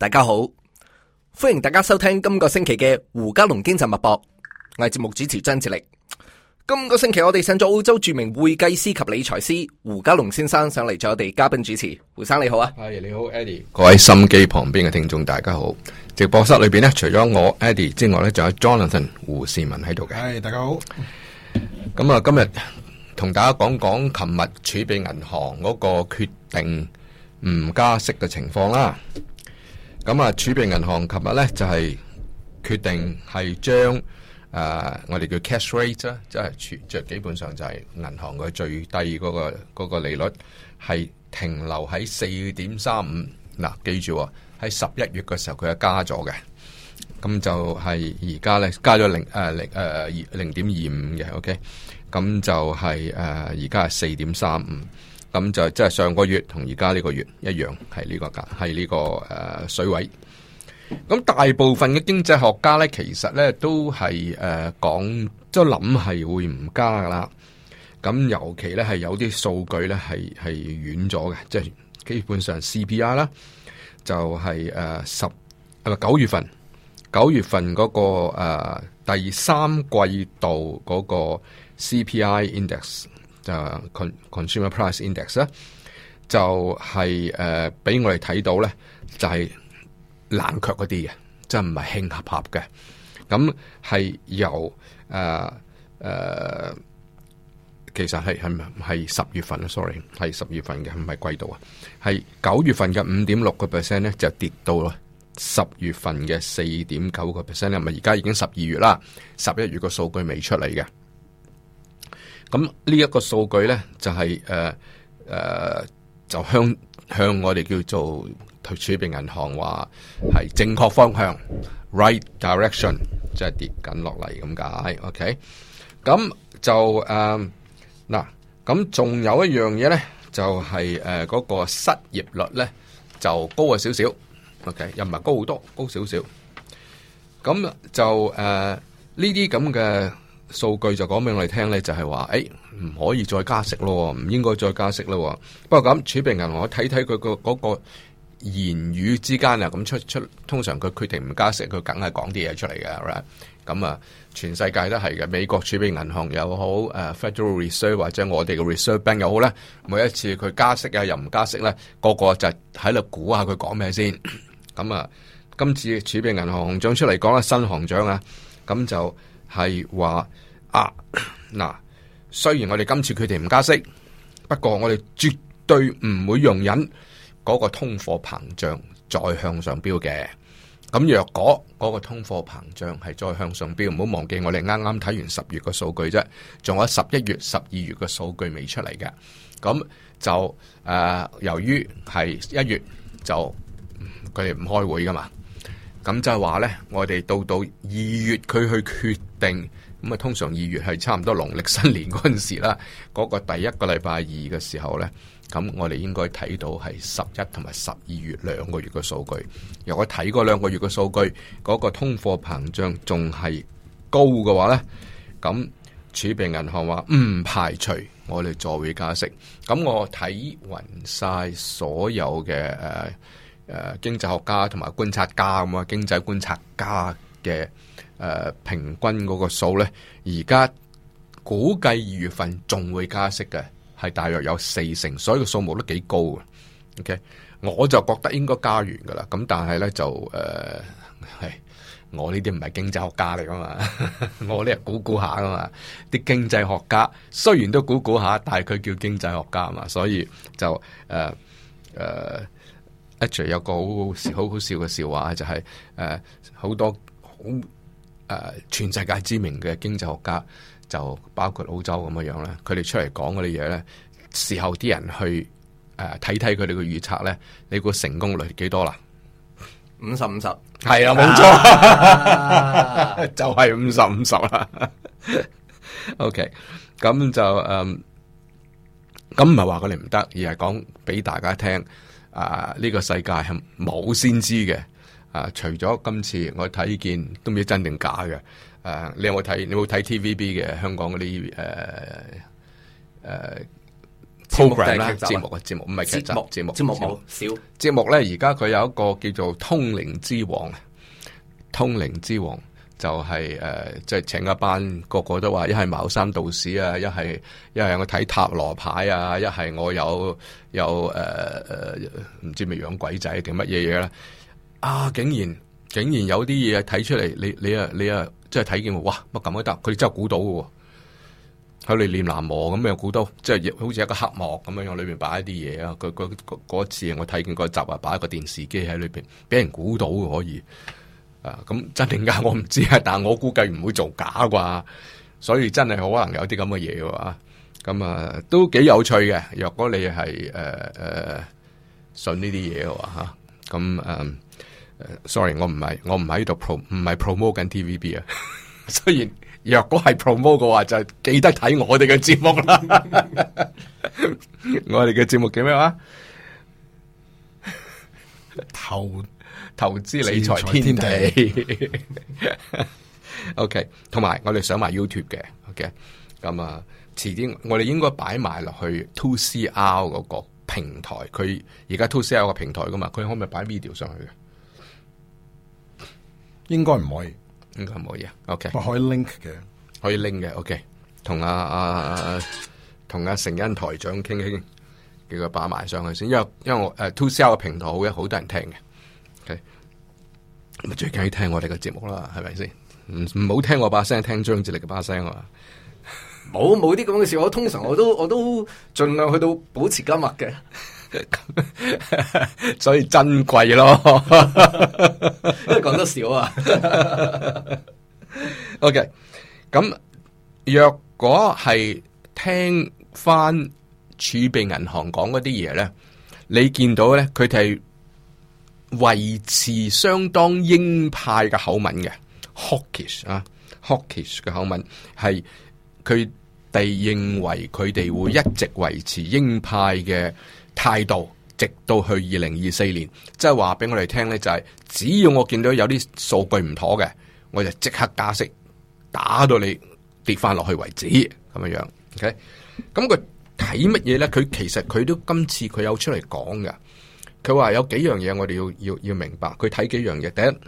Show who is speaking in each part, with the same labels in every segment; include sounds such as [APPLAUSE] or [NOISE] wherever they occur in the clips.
Speaker 1: 大家好，歡迎大家收聽今個星期嘅胡嘉龍經濟脈搏，我係節目主持張智力。今個星期我哋上咗澳洲著名會計師及理財師胡嘉龍先生上嚟做我哋嘉賓主持。胡生你好啊？係，你好，Eddie。
Speaker 2: 各位心機旁邊嘅聽眾大家好，直播室裏邊呢，除咗我 Eddie 之外呢，仲有 Jonathan 胡士文喺度嘅。係、哎、大家好。咁啊，今日同大家講講琴日儲備銀行嗰個決定唔加息嘅情況啦。咁啊，儲備銀行琴日咧就係、是、決定係將誒、啊、我哋叫 cash rate 即係存着，基本上就係銀行嘅最低嗰、那個嗰、那個利率係停留喺四點三五。嗱、啊，記住喎、哦，喺十一月嘅時候佢係加咗嘅，咁就係而家咧加咗零誒零零點二五嘅。OK，咁就係而家係四點三五。啊咁就即係上個月同而家呢個月一樣，係呢、這個價，係呢、這個誒、啊、水位。咁大部分嘅經濟學家咧，其實咧都係誒、啊、講即係諗係會唔加噶啦。咁尤其咧係有啲數據咧係係軟咗嘅，即係、就是、基本上 CPI 啦，就係誒十誒九月份，九月份嗰、那個、啊、第三季度嗰個 CPI Index。就 consumer price index 咧，就是呃，就係誒俾我哋睇到咧，就係冷卻嗰啲嘅，即係唔係興合合嘅。咁係由誒誒，呃呃，其實係係係十月份啦，sorry，係十月份嘅唔係季度啊，係九月份嘅五點六個 percent 咧，就跌到啦十月份嘅四點九個 percent 咧，係咪而家已經十二月啦，十一月個數據未出嚟嘅。咁呢一個數據咧就係誒誒，就向向我哋叫做儲備銀行話係正確方向，right direction，即係跌緊落嚟咁解。OK，咁就誒嗱，咁仲有一樣嘢咧，就係誒嗰個失業率咧就高咗少少。OK，又唔係高好多，高少少。咁就誒呢啲咁嘅數據就講畀我哋聽咧，就係話，誒唔可以再加息咯，唔應該再加息咯。不過咁，儲備銀行我睇睇佢個嗰言語之間啊，咁出出，通常佢決定唔加息，佢梗係講啲嘢出嚟嘅。咁、right? 啊，全世界都係嘅，美國儲備銀行又好，啊，Federal Reserve 或者我哋嘅 Reserve Bank 又好咧，每一次佢加息啊，又唔加息咧，個個就喺度估下佢講咩先。咁啊，今次儲備銀行行長出嚟講啦，新行長啊，咁就。.係話啊，嗱，雖然我哋今次佢哋唔加息，不過我哋絕對唔會容忍嗰個通貨膨脹再向上飆嘅。咁若果嗰個通貨膨脹係再向上飆，唔好忘記我哋啱啱睇完十月嘅數據啫，仲有十一月、十二月嘅數據未出嚟嘅。咁就誒、呃，由於係一月就佢哋唔開會噶嘛，咁就係話呢，我哋到到二月佢去決定。定咁啊，通常二月係差唔多農曆新年嗰陣時啦，嗰個第一個禮拜二嘅時候咧，咁我哋應該睇到係十一同埋十二月兩個月嘅數據。如果睇嗰兩個月嘅數據，嗰個通貨膨脹仲係高嘅話咧，咁儲備銀行話唔排除我哋再會加息。咁我睇勻晒所有嘅誒誒，經濟學家同埋觀察家咁啊，經濟觀察家嘅。誒、呃、平均嗰個數咧，而家估計二月份仲會加息嘅，係大約有四成，所以個數目都幾高嘅。OK，我就覺得應該加完噶啦。咁但係咧就誒，係、呃、我呢啲唔係經濟學家嚟噶嘛， [LAUGHS] 我呢係估估下噶嘛。啲經濟學家雖然都估估下，但係佢叫經濟學家啊嘛，所以就誒誒、呃呃，H 有個好好笑嘅笑話就係誒好多好。誒，全世界知名嘅經濟學家就包括澳洲咁樣樣咧，佢哋出嚟講嗰啲嘢咧，事後啲人去誒睇睇佢哋嘅預測咧，你估成功率幾多啦？五十五十，係啊，冇錯，啊、 [LAUGHS] 就係五十五十啦。 [LAUGHS] OK，咁就誒，咁唔係話佢哋唔得，而係講俾大家聽，啊、呃、呢、這個世界係冇先知嘅。啊！除咗今次我睇見都唔知真定假嘅，誒、啊、你有冇睇？你冇睇 TVB 嘅香港嗰啲誒誒 program 啦？節目嘅節目唔係、啊節目啊、劇集。節目節目少。節目咧，而家佢有一個叫做《通靈之王》通靈之王，就係啊》就係誒，即係請一班個個都話一係茅山道士啊，一係一係我睇塔羅牌啊，一係我有有誒誒，唔、呃、知咪養鬼仔定乜嘢嘢啦。啊！竟然竟然有啲嘢睇出嚟，你你啊你啊，即係睇見喎，哇乜咁鬼得？佢真係估到喎。喺裏邊念南磨咁樣估到，即係好似一個黑幕咁樣樣，裏邊擺一啲嘢啊。嗰次我睇見個集啊，擺一個電視機喺裏邊，俾人估到可以。啊，咁真定假我唔知啊，但我估計唔會做假啩，所以真係可能有啲咁嘅嘢嘅咁啊，啊都幾有趣嘅。若果你係誒誒信呢啲嘢嘅話，吓咁誒。啊 sorry，我唔係我唔喺呢度唔係 pro, promote 緊 TVB 啊。雖然若果係 promote 嘅話，就記得睇我哋嘅節目啦。 [LAUGHS] [LAUGHS] 我哋嘅節目叫咩話？投投資理財天地。天地 [LAUGHS] OK，同埋我哋上埋 YouTube 嘅。OK，咁、嗯、啊，遲啲我哋應該擺埋落去 To C R 嗰個平台。佢而家 To C R 個平台噶嘛，佢可唔可以擺 video 上去嘅？應該唔可以，應該唔可以啊。OK，可以 link 嘅，可以 link 嘅。OK，同阿阿同阿成恩台長傾一傾，叫佢把埋上去先。因為因為我誒，To Sell 嘅平台好，好多人聽嘅。OK，咁啊最緊要聽我哋嘅節目啦，係咪先？唔唔好聽我把聲，聽張智力嘅把聲啊！冇冇啲咁嘅事，我通常我都我都盡量去到保持今日嘅。 [LAUGHS] 所以珍貴咯，因為講得少啊 [LAUGHS] okay, 那。OK，咁若果係聽翻儲備銀行講嗰啲嘢咧，你見到咧佢哋維持相當鷹派嘅口吻嘅 hawkish 啊，hawkish 嘅口吻係佢哋認為佢哋會一直維持鷹派嘅。態度直到去二零二四年，即係話俾我哋聽呢，就係只要我見到有啲數據唔妥嘅，我就即刻加息，打到你跌翻落去為止咁樣樣。OK，咁佢睇乜嘢呢？佢其實佢都今次佢有出嚟講嘅，佢話有幾樣嘢我哋要要要明白。佢睇幾樣嘢？第一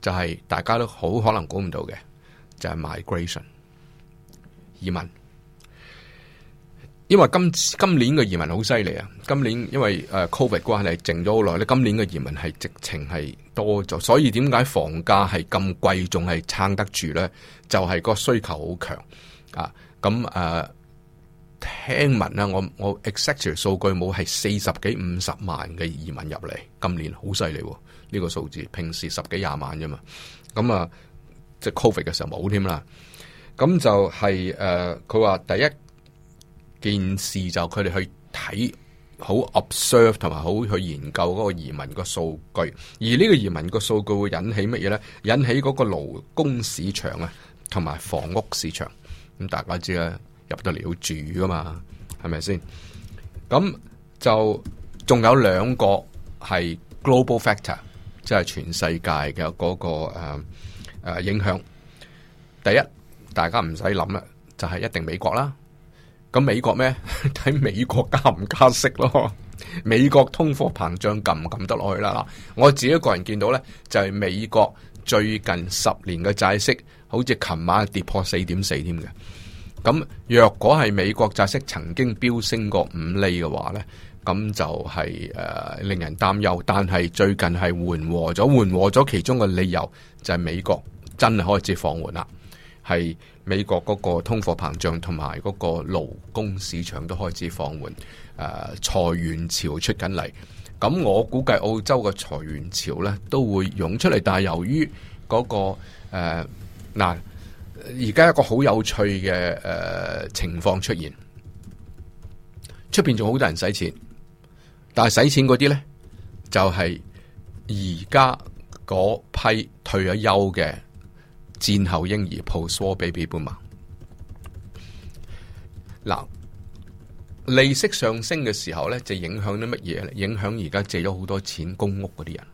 Speaker 2: 就係大家都好可能估唔到嘅，就係 migration。移民。因為今今年嘅移民好犀利啊！今年因為誒，Covid 關係靜咗好耐，咧今年嘅移民係直情係多咗，所以點解房價係咁貴仲係撐得住咧？就係、是、個需求好強啊！咁、啊、誒，聽聞咧、啊，我我 exactly 數據冇係四十幾五十萬嘅移民入嚟，今年好犀利呢個數字，平時十幾廿萬啫嘛，咁啊，即係 Covid 嘅時候冇添啦。咁就係、是、誒，佢、啊、話第一。件事就佢哋去睇好 observe 同埋好去研究嗰個移民個數據，而呢個移民個數據會引起乜嘢咧？引起嗰個勞工市場啊，同埋房屋市場。咁大家知啦，入得嚟要住噶嘛，係咪先？咁就仲有兩個係 global factor，即係全世界嘅嗰個誒誒影響。第一，大家唔使諗啦，就係一定美國啦。咁美國咩？睇美國加唔加息咯？美國通貨膨脹撳唔撳得落去啦？我自己一個人見到呢，就係、是、美國最近十年嘅債息，好似琴晚跌破四點四添嘅。咁若果係美國債息曾經飆升過五厘嘅話呢，咁就係、是、誒、呃、令人擔憂。但係最近係緩和咗，緩和咗其中嘅理由就係、是、美國真係開始放緩啦，係。美國嗰個通貨膨脹同埋嗰個勞工市場都開始放緩，誒裁員潮出緊嚟，咁我估計澳洲嘅裁員潮咧都會湧出嚟，但係由於嗰、那個嗱，而、啊、家、啊、一個好有趣嘅誒、啊、情況出現，出面仲好多人使錢，但係使錢嗰啲咧就係而家嗰批退咗休嘅。戰後嬰兒 post war baby boomer 嘛、er？嗱，利息上升嘅時候咧，就影響啲乜嘢咧？影響而家借咗好多錢供屋嗰啲人。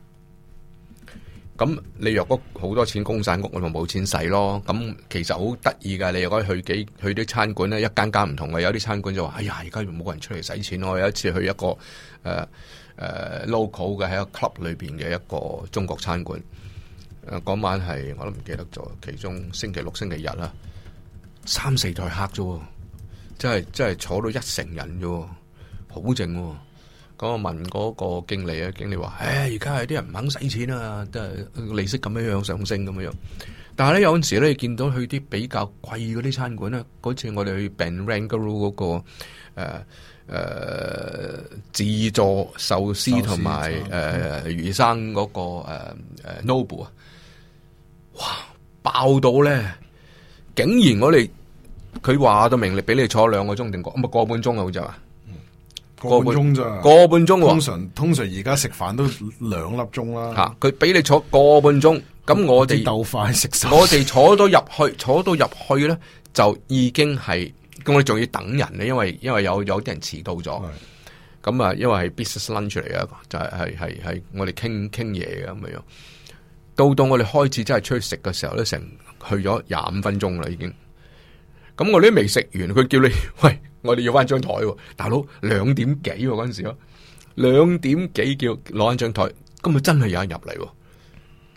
Speaker 2: 咁你若果好多錢供晒屋，咪冇錢使咯。咁其實好得意噶，你若果去幾去啲餐館咧，一間間唔同嘅，有啲餐館就話：哎呀，而家冇人出嚟使錢咯。有一次去一個誒誒、呃呃、local 嘅喺個 club 裏邊嘅一個中國餐館。嗰晚係我都唔記得咗。其中星期六、星期日啦，三四台客啫，真係真係坐到一成人啫，好靜。咁我問嗰個經理啊，經理話：唉、哎，而家係啲人唔肯使錢啊，即係利息咁樣樣上升咁樣樣。但係咧有陣時咧，你見到去啲比較貴嗰啲餐館咧，嗰次我哋去 Ben Rangaroo 嗰個誒誒、呃呃、自助壽司同埋誒魚生嗰、那個誒 Noble 啊。呃呃 no bu, 哇！爆到咧，竟然我哋佢話到明，你俾你坐兩個鐘定個唔係個半鐘啊？好咋？啊半，
Speaker 3: 個半鐘咋？個半鐘喎。通常通常而家食飯都兩粒鐘啦。吓、啊，
Speaker 2: 佢俾你坐個半鐘，咁我哋就快食。我哋坐到入去，坐到入去咧，就已經係咁。我哋仲要等人咧，因為因為有有啲人遲到咗。咁啊的，因為係 business lunch 嚟嘅，就係係係係我哋傾傾嘢嘅咁樣。到到我哋開始真係出去食嘅時候咧，成去咗廿五分鐘啦，已經咁我哋都未食完，佢叫你喂，我哋要翻張檯，大佬兩點幾嗰陣時咯，兩點幾叫攞翻張檯，咁咪真係有人入嚟。哦，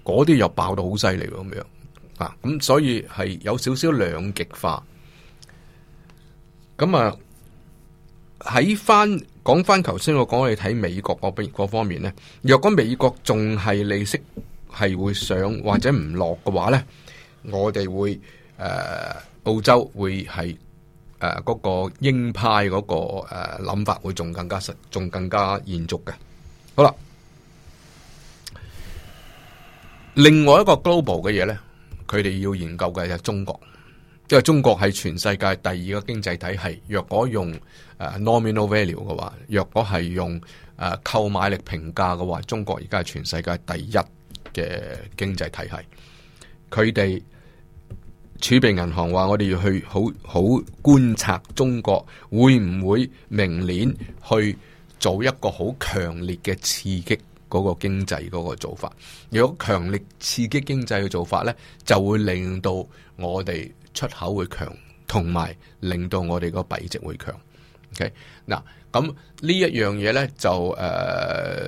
Speaker 2: 嗰啲又爆到好犀利咁樣啊。咁所以係有少少兩極化。咁啊，喺翻講翻頭先，我講你睇美國嗰邊方面咧，若果美國仲係利息，係會上或者唔落嘅話呢，我哋會誒、呃、澳洲會係誒嗰個鷹派嗰、嗰個誒諗、呃、法會仲更加實，仲更加延續嘅。好啦，另外一個 global 嘅嘢呢，佢哋要研究嘅就係中國，因為中國係全世界第二個經濟體系。若果用誒、呃、nominal value 嘅話，若果係用誒購、呃、買力評價嘅話，中國而家係全世界第一。嘅經濟體系，佢哋儲備銀行話：我哋要去好好觀察中國會唔會明年去做一個好強烈嘅刺激嗰個經濟嗰個做法。如果強力刺激經濟嘅做法呢，就會令到我哋出口會強，同埋令到我哋個幣值會強。OK 嗱。咁呢一樣嘢呢，就誒、呃、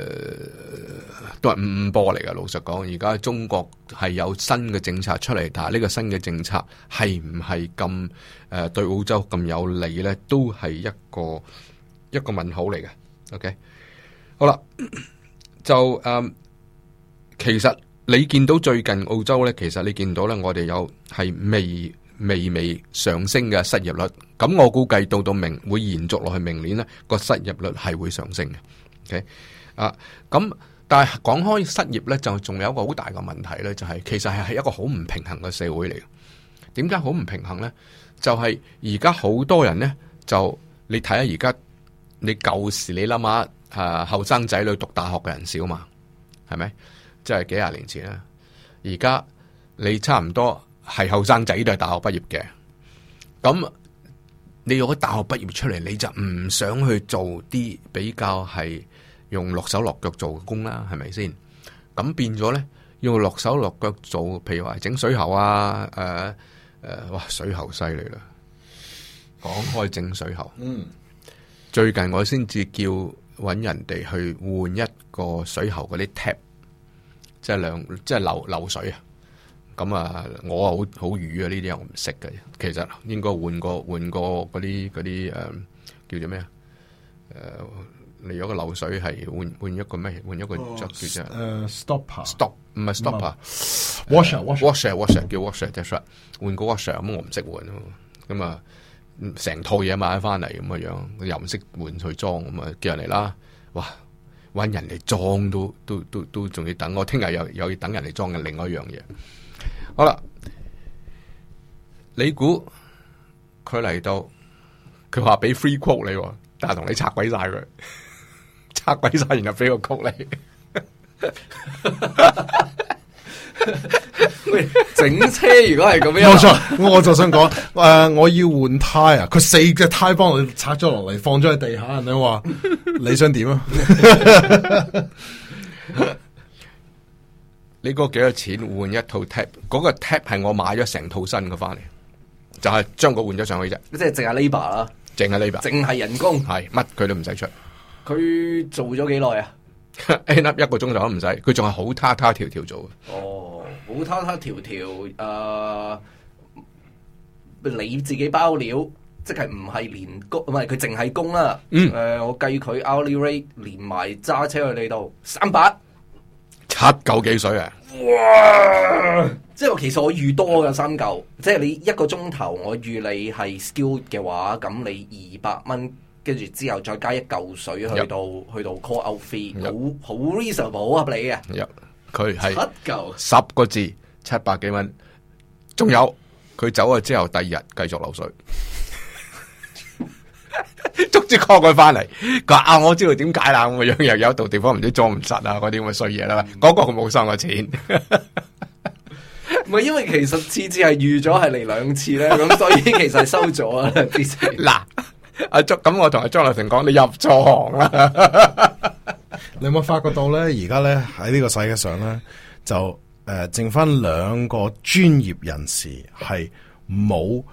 Speaker 2: 都係五五波嚟㗎，老實講，而家中國係有新嘅政策出嚟，但係呢個新嘅政策係唔係咁誒對澳洲咁有利呢？都係一個一個問號嚟嘅。OK，好啦，就誒、呃，其實你見到最近澳洲呢，其實你見到呢，我哋有係未。微微上升嘅失業率，咁我估計到到明會延續落去明年呢，個失業率係會上升嘅。OK 啊，咁但係講開失業呢，就仲有一個好大嘅問題呢，就係其實係一個好唔平衡嘅社會嚟。點解好唔平衡呢？就係而家好多人呢，就你睇下而家，你舊時你諗下，誒，後生仔女讀大學嘅人少嘛，係咪？即係幾廿年前啦，而家你差唔多。係後生仔都係大學畢業嘅，咁你如果大學畢業出嚟，你就唔想去做啲比較係用落手落腳做嘅工啦，係咪先？咁變咗咧，用落手落腳做，譬如話整水喉啊，誒、呃、誒，哇，水喉犀利啦！講開整水喉，嗯，最近我先至叫搵人哋去換一個水喉嗰啲 tap，即係兩即係流流水啊。咁啊，我啊好好愚啊，呢啲我唔識嘅。其實應該換個換個嗰啲嗰啲誒，叫做咩啊？誒、呃，嚟咗個流水係換換一個咩？換一個執、oh, 叫咩？誒
Speaker 3: stopper，stop 唔係
Speaker 2: stopper，washer，washer，washer，washer stop no、uh, 叫 washer，即係 shut、right, was。換個 washer，咁我唔識換。咁啊，成套嘢買翻嚟咁嘅樣，又唔識換去裝咁啊，叫人嚟啦。哇，搵人嚟裝都都都都仲要等我。聽日又又要等人嚟裝嘅另外一樣嘢。好啦，你估佢嚟到，佢話俾 free quote 你，但係同你拆鬼晒佢，拆鬼
Speaker 3: 晒然後俾個 quote 你 [LAUGHS]
Speaker 2: [LAUGHS]
Speaker 1: 喂，整車如果係咁樣，冇錯， [LAUGHS] 我就想講
Speaker 3: 誒、 [LAUGHS] 呃，我要換胎啊，佢四隻胎幫我拆咗落嚟，放咗喺地下，你話，話你想點啊？ [LAUGHS] [LAUGHS]
Speaker 2: 你嗰幾多錢換一套 tap？嗰個 tap 係我買咗成套新嘅翻嚟，就係將個換咗上去啫。即係淨係 labor 啦？淨係 labor，淨係人工係乜佢都唔使出。佢做咗幾耐啊？end up 一個鐘頭都唔使，佢仲係好他他條條做嘅。哦，
Speaker 1: 好他他條條誒，你自己包料，即係唔係連工？唔係佢淨係工啦。嗯。誒，我計佢 hourly rate 連埋揸車去你度三百？
Speaker 2: 七嚿幾水啊！
Speaker 1: 哇！即係其實我預多噶三嚿，即係你一個鐘頭我預你係 skill 嘅話，咁你二百蚊，跟住之後再加一嚿水去到 Yep. 去到 call out fee，Yep. 好好 reasonable 好合理嘅！
Speaker 2: 入佢係七嚿，十個字七百幾蚊，仲有，佢走咗之後第二日繼續流水。捉住 call 佢翻嚟，佢話啊我知道點解啦，我樣樣又、mm hmm. 有一度地方唔知裝唔實啊，嗰啲咁嘅衰嘢啦，嗰個冇收我錢，唔 [LAUGHS] 係因為
Speaker 1: 其實次次係預咗係嚟兩次咧，咁所以其實收咗
Speaker 2: 啦嗱，阿 Jo，咁我同阿 Jo 麗婷講，你入錯行
Speaker 3: 啦。你有冇發覺到咧？而家咧喺呢個世界上咧，就誒、呃、剩翻兩個專業人士係冇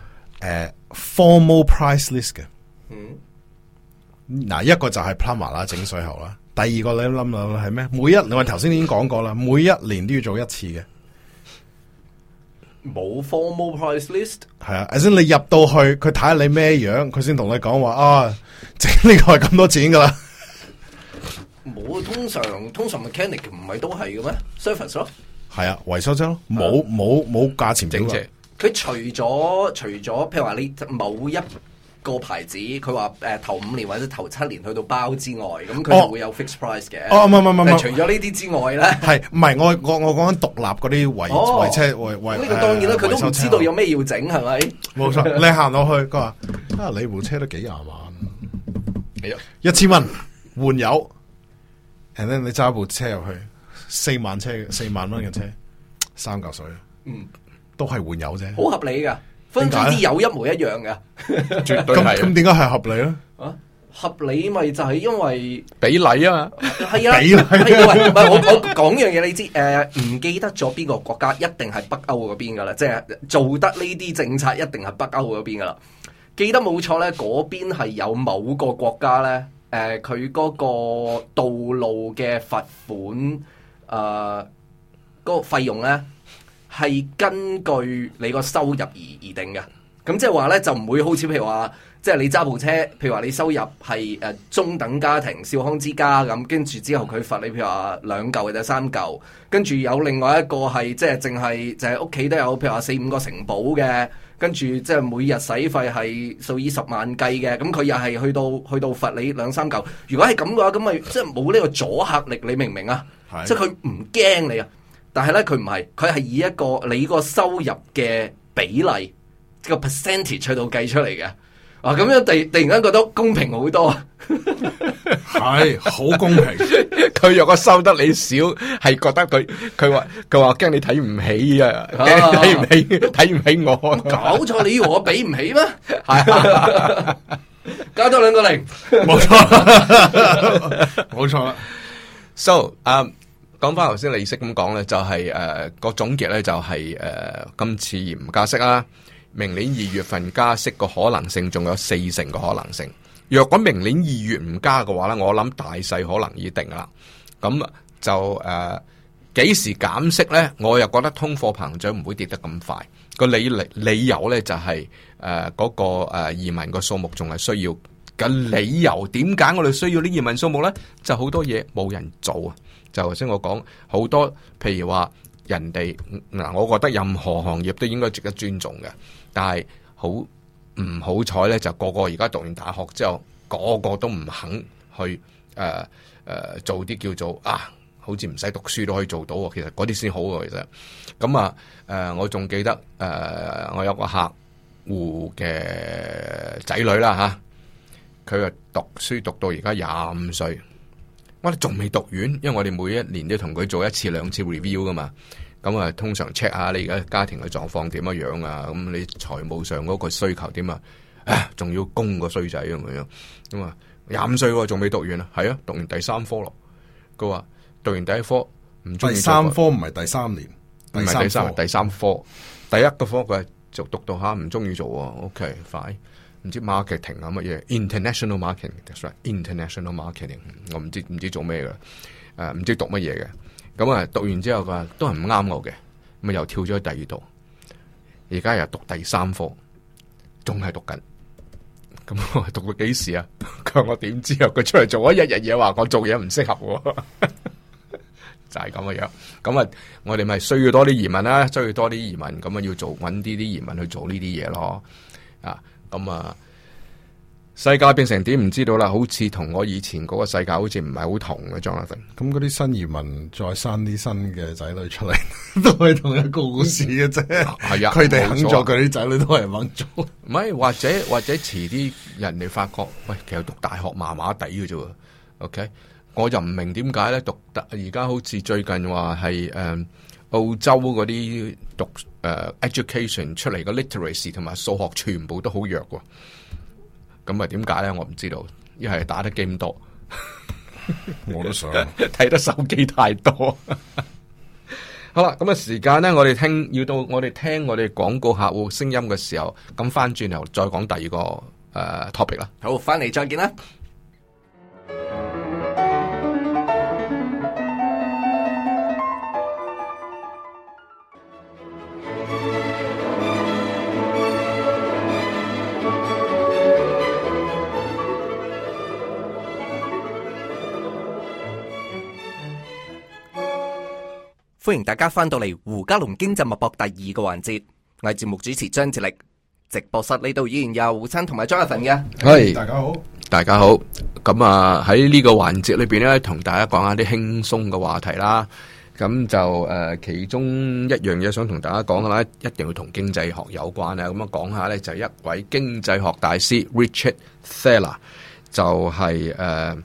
Speaker 3: 誒 formal price list 嘅。嗯，嗱，一個就係 plumber 啦，整水喉啦。第二個你諗諗係咩？每一你話頭先已經講過啦，每一年都要做一次嘅。
Speaker 1: 冇 formal price list。
Speaker 3: 係啊，頭先你入到去，佢睇下你咩樣，佢先同你講話啊，整呢個係咁多錢噶啦。
Speaker 1: 冇，通常通常 mechanic 唔係都係嘅咩 service 咯。
Speaker 3: 係啊，維修車咯，冇冇冇價錢表。
Speaker 1: 佢除咗除咗譬如話你某一。個牌子，佢話誒頭五年或者頭七年去到包之外，咁佢會有 fixed price 嘅。哦，唔係唔係唔係，除咗呢啲之外咧，
Speaker 3: 係唔係？我我我講緊獨立嗰啲維維車，呢個當然啦，佢都唔知道
Speaker 1: 有咩要整，係咪？冇錯，你行
Speaker 3: 落去，佢話啊你部車都幾廿萬，一千蚊換油，and then 你揸部車入去，四萬車四萬蚊嘅車，三嚿水，嗯，都係換油啫，好
Speaker 1: 合理㗎。分住啲有一模一樣嘅 [LAUGHS] 是，咁
Speaker 3: 咁點解係合理啊？
Speaker 1: 合理咪就係因為
Speaker 3: 比例啊，
Speaker 2: 係
Speaker 1: 啊，係啊，唔係、啊 [LAUGHS] 啊、我我講樣嘢你知誒？唔、呃、記得咗邊個國家一定係北歐嗰邊噶啦，即、就、係、是、做得呢啲政策一定係北歐嗰邊噶啦。記得冇錯咧，嗰邊係有某個國家咧，誒、呃，佢嗰個道路嘅罰款誒，嗰、呃那個費用咧。係根據你個收入而而定嘅，咁即係話呢，就唔會好似譬如話，即係你揸部車，譬如話你收入係誒、呃、中等家庭、小康之家咁，跟住之後佢罰你譬如話兩嚿或者三嚿，跟住有另外一個係即係淨係就係屋企都有譬如話四五個城堡嘅，跟住即係每日使費係數以十萬計嘅，咁佢又係去到去到罰你兩三嚿。如果係咁嘅話，咁咪即係冇呢個阻嚇力，你明唔明啊？是的 即係佢唔驚你啊！但係咧，佢唔係，佢係以一個你個收入嘅比例個 percentage 去到計出嚟嘅。
Speaker 2: 啊，咁樣，突突然間覺得公平好多 [LAUGHS] 是，係好公平。佢若 [LAUGHS] 果收得你少，係覺得佢佢話佢話驚你睇唔起啊，睇唔起，睇唔起我。啊、 [LAUGHS] [LAUGHS] 搞錯，你以為我俾唔起咩？係 [LAUGHS] 加多兩個零，冇 [LAUGHS] 錯，冇 [LAUGHS] 錯。 [LAUGHS] So，嗯、um,。講翻頭先你識咁講呢，就係誒個總結呢就係、是、誒、呃、今次唔加息啦，明年二月份加息個可能性仲有四成個可能性。若果明年二月唔加嘅話呢，我諗大勢可能已定啦。咁就誒幾、呃、時減息呢？我又覺得通貨膨脹唔會跌得咁快。個理理由呢、就是，就係誒嗰個誒移民個數目仲係需要。咁、那個、理由點解我哋需要啲移民數目呢？就好、是、多嘢冇人做啊！就頭先我講好多，譬如話人哋嗱，我覺得任何行業都應該值得尊重嘅。但係好唔好彩咧？就個個而家讀完大學之後，個個都唔肯去誒、呃呃、做啲叫做啊，好似唔使讀書都可以做到。其實嗰啲先好喎，其實。咁啊、呃、我仲記得誒、呃，我有個客戶嘅仔女啦嚇，佢啊讀書讀到而家廿五歲。我哋仲未讀完，因為我哋每一年都同佢做一次兩次 review 噶嘛，咁啊通常 check 下你而家家庭嘅狀況點樣樣啊，咁你財務上嗰個需求點啊，仲要供個衰仔咁樣樣，咁啊廿五歲仲未讀完啊，係啊讀完第三科咯，佢話讀完第一科唔中意，唔做第三科唔係第三年，
Speaker 3: 唔係第三，
Speaker 2: 第三科，第一個科佢就讀到下，唔中意做啊，OK 快。唔知 mark 是 marketing 啊乜嘢 international marketing，international marketing，我唔知唔知做咩噶，誒、啊、唔知讀乜嘢嘅？咁、嗯、啊讀完之後佢話都係唔啱我嘅，咁啊又跳咗第二度，而家又讀第三科，仲係讀緊，咁、嗯、我、嗯嗯、讀到幾時啊？佢話我點知啊？佢出嚟做咗一日嘢話我做嘢唔適合呵呵，就係咁嘅樣。咁、嗯、啊、嗯，我哋咪需要多啲移民啦、啊，需要多啲移民，咁、嗯、啊、嗯、要做揾啲啲移民去做呢啲嘢咯，啊。咁啊、嗯，世界變成點唔知道啦，好似同我以前嗰個世界好似唔係好同嘅
Speaker 3: ，Jonathan。咁嗰啲新移民再生啲新嘅仔女出嚟，都係同一個故事嘅啫。係啊、嗯，佢哋肯做，佢啲仔女都係肯做。唔係，或者或者
Speaker 2: 遲啲人哋發覺，喂，其實讀大學麻麻地嘅啫。OK，我就唔明點解咧，讀得而家好似最近話係誒。嗯澳洲嗰啲讀誒、uh, education 出嚟個 literacy 同埋數學全部都好弱，啊，咁啊點解咧？我唔知道，一係打得 game 多，我都想睇 [LAUGHS] 得手機太多。 [LAUGHS] 好啦，咁啊時間咧，我哋聽要到我哋聽我哋廣告客戶聲音嘅時候，咁翻轉頭再講第二個誒、uh, topic 啦。好，翻嚟再見啦。
Speaker 1: 歡迎大家翻到嚟，胡嘉龍經濟脈搏第二個環節，我係節目主持張智力，直播室呢度依然有胡生同埋 Jonathan 嘅，係 Hey, Hey, 大家好，
Speaker 2: 大家好，咁啊喺呢個環節裏邊咧，同大家講下啲輕鬆嘅話題啦，咁就誒、呃、其中一樣嘢想同大家講啦，一定要同經濟學有關啊，咁啊講下咧就係一位經濟學大師 Richard Thaler、就是呃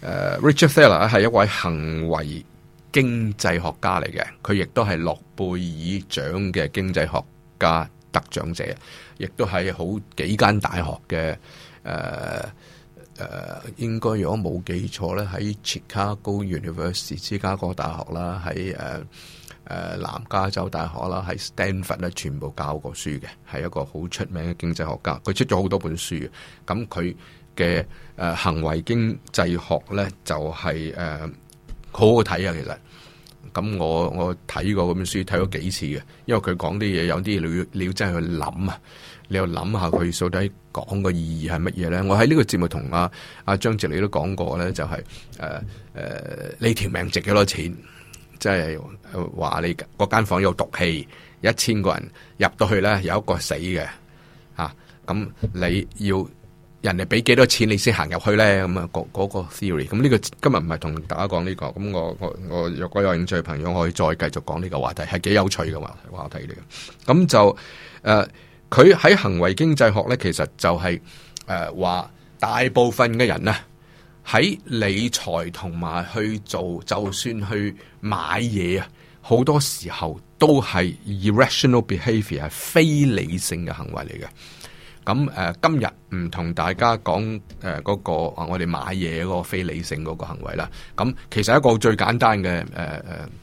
Speaker 2: 呃、Richard Thaler，就係誒誒 Richard Thaler 係一位行為。經濟學家嚟嘅，佢亦都係諾貝爾獎嘅經濟學家得獎者，亦都係好幾間大學嘅誒誒，應該如果冇記錯咧，喺切卡高原嘅芝加哥大學啦，喺誒誒南加州大學啦，喺 Stanford 咧，全部教過書嘅，係一個好出名嘅經濟學家。佢出咗好多本書嘅，咁佢嘅誒行為經濟學咧就係、是、誒。呃好好睇啊，其實，咁我我睇過嗰本書，睇咗幾次嘅，因為佢講啲嘢有啲你要你要真係去諗啊，啊、就係、啊，啊，你要諗下佢到底講嘅意義係乜嘢咧？我喺呢個節目同阿阿張哲你都講過咧，就係誒呢條命值幾多錢？即係話你嗰間房有毒氣，一千個人入到去咧，有一個死嘅嚇，咁、啊、你要。人哋俾幾多錢你先行入去呢？咁啊，嗰嗰個 theory。咁呢個今日唔係同大家講呢個。咁我我我若果有興趣嘅朋友，可以再繼續講呢個話題，係幾有趣嘅話話題嚟嘅。咁就誒，佢，呃，喺行為經濟學呢，其實就係誒話大部分嘅人呢，喺理財同埋去做，就算去買嘢啊，好多時候都係 irrational behavior，係非理性嘅行為嚟嘅。咁誒，今日唔同大家講誒嗰個我哋買嘢嗰個非理性嗰個行為啦。咁其實一個最簡單嘅誒誒，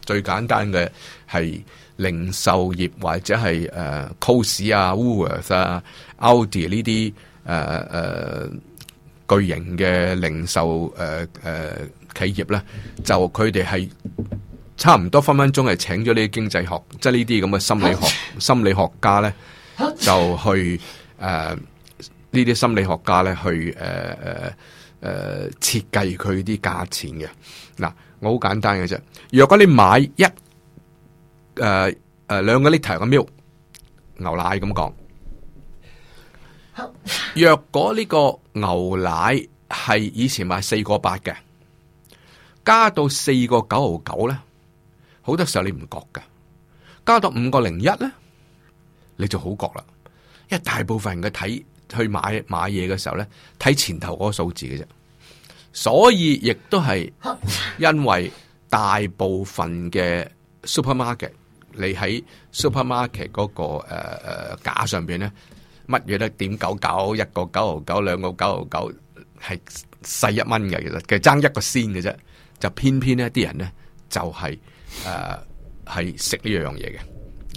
Speaker 2: 最簡單嘅係零售業或者係誒 Coles 啊、Woolworths 啊、Aldi 呢啲誒誒巨型嘅零售誒誒企業咧，就佢哋係差唔多分分鐘係請咗呢啲經濟學，即係呢啲咁嘅心理學心理學家咧，就去。誒，呢啲，呃、心理學家咧，去誒誒誒設計佢啲價錢嘅。嗱，我好簡單嘅啫。若果你買一誒誒兩個 liter 嘅 milk 牛奶咁講，若好果呢個牛奶係以前買四個八嘅，加到四個九毫九咧，好多時候你唔覺㗎。加到五個零一咧，你就好覺啦。一大部分人嘅睇去買買嘢嘅時候咧，睇前頭嗰個數字嘅啫，所以亦都係因為大部分嘅 supermarket，你喺 supermarket 嗰、那個誒誒、呃、架上邊咧，乜嘢咧？點九九一個九毫九，兩個九毫九，係細一蚊嘅其實，其實爭一個仙嘅啫。就偏偏呢啲人咧就係誒係食呢樣嘢嘅。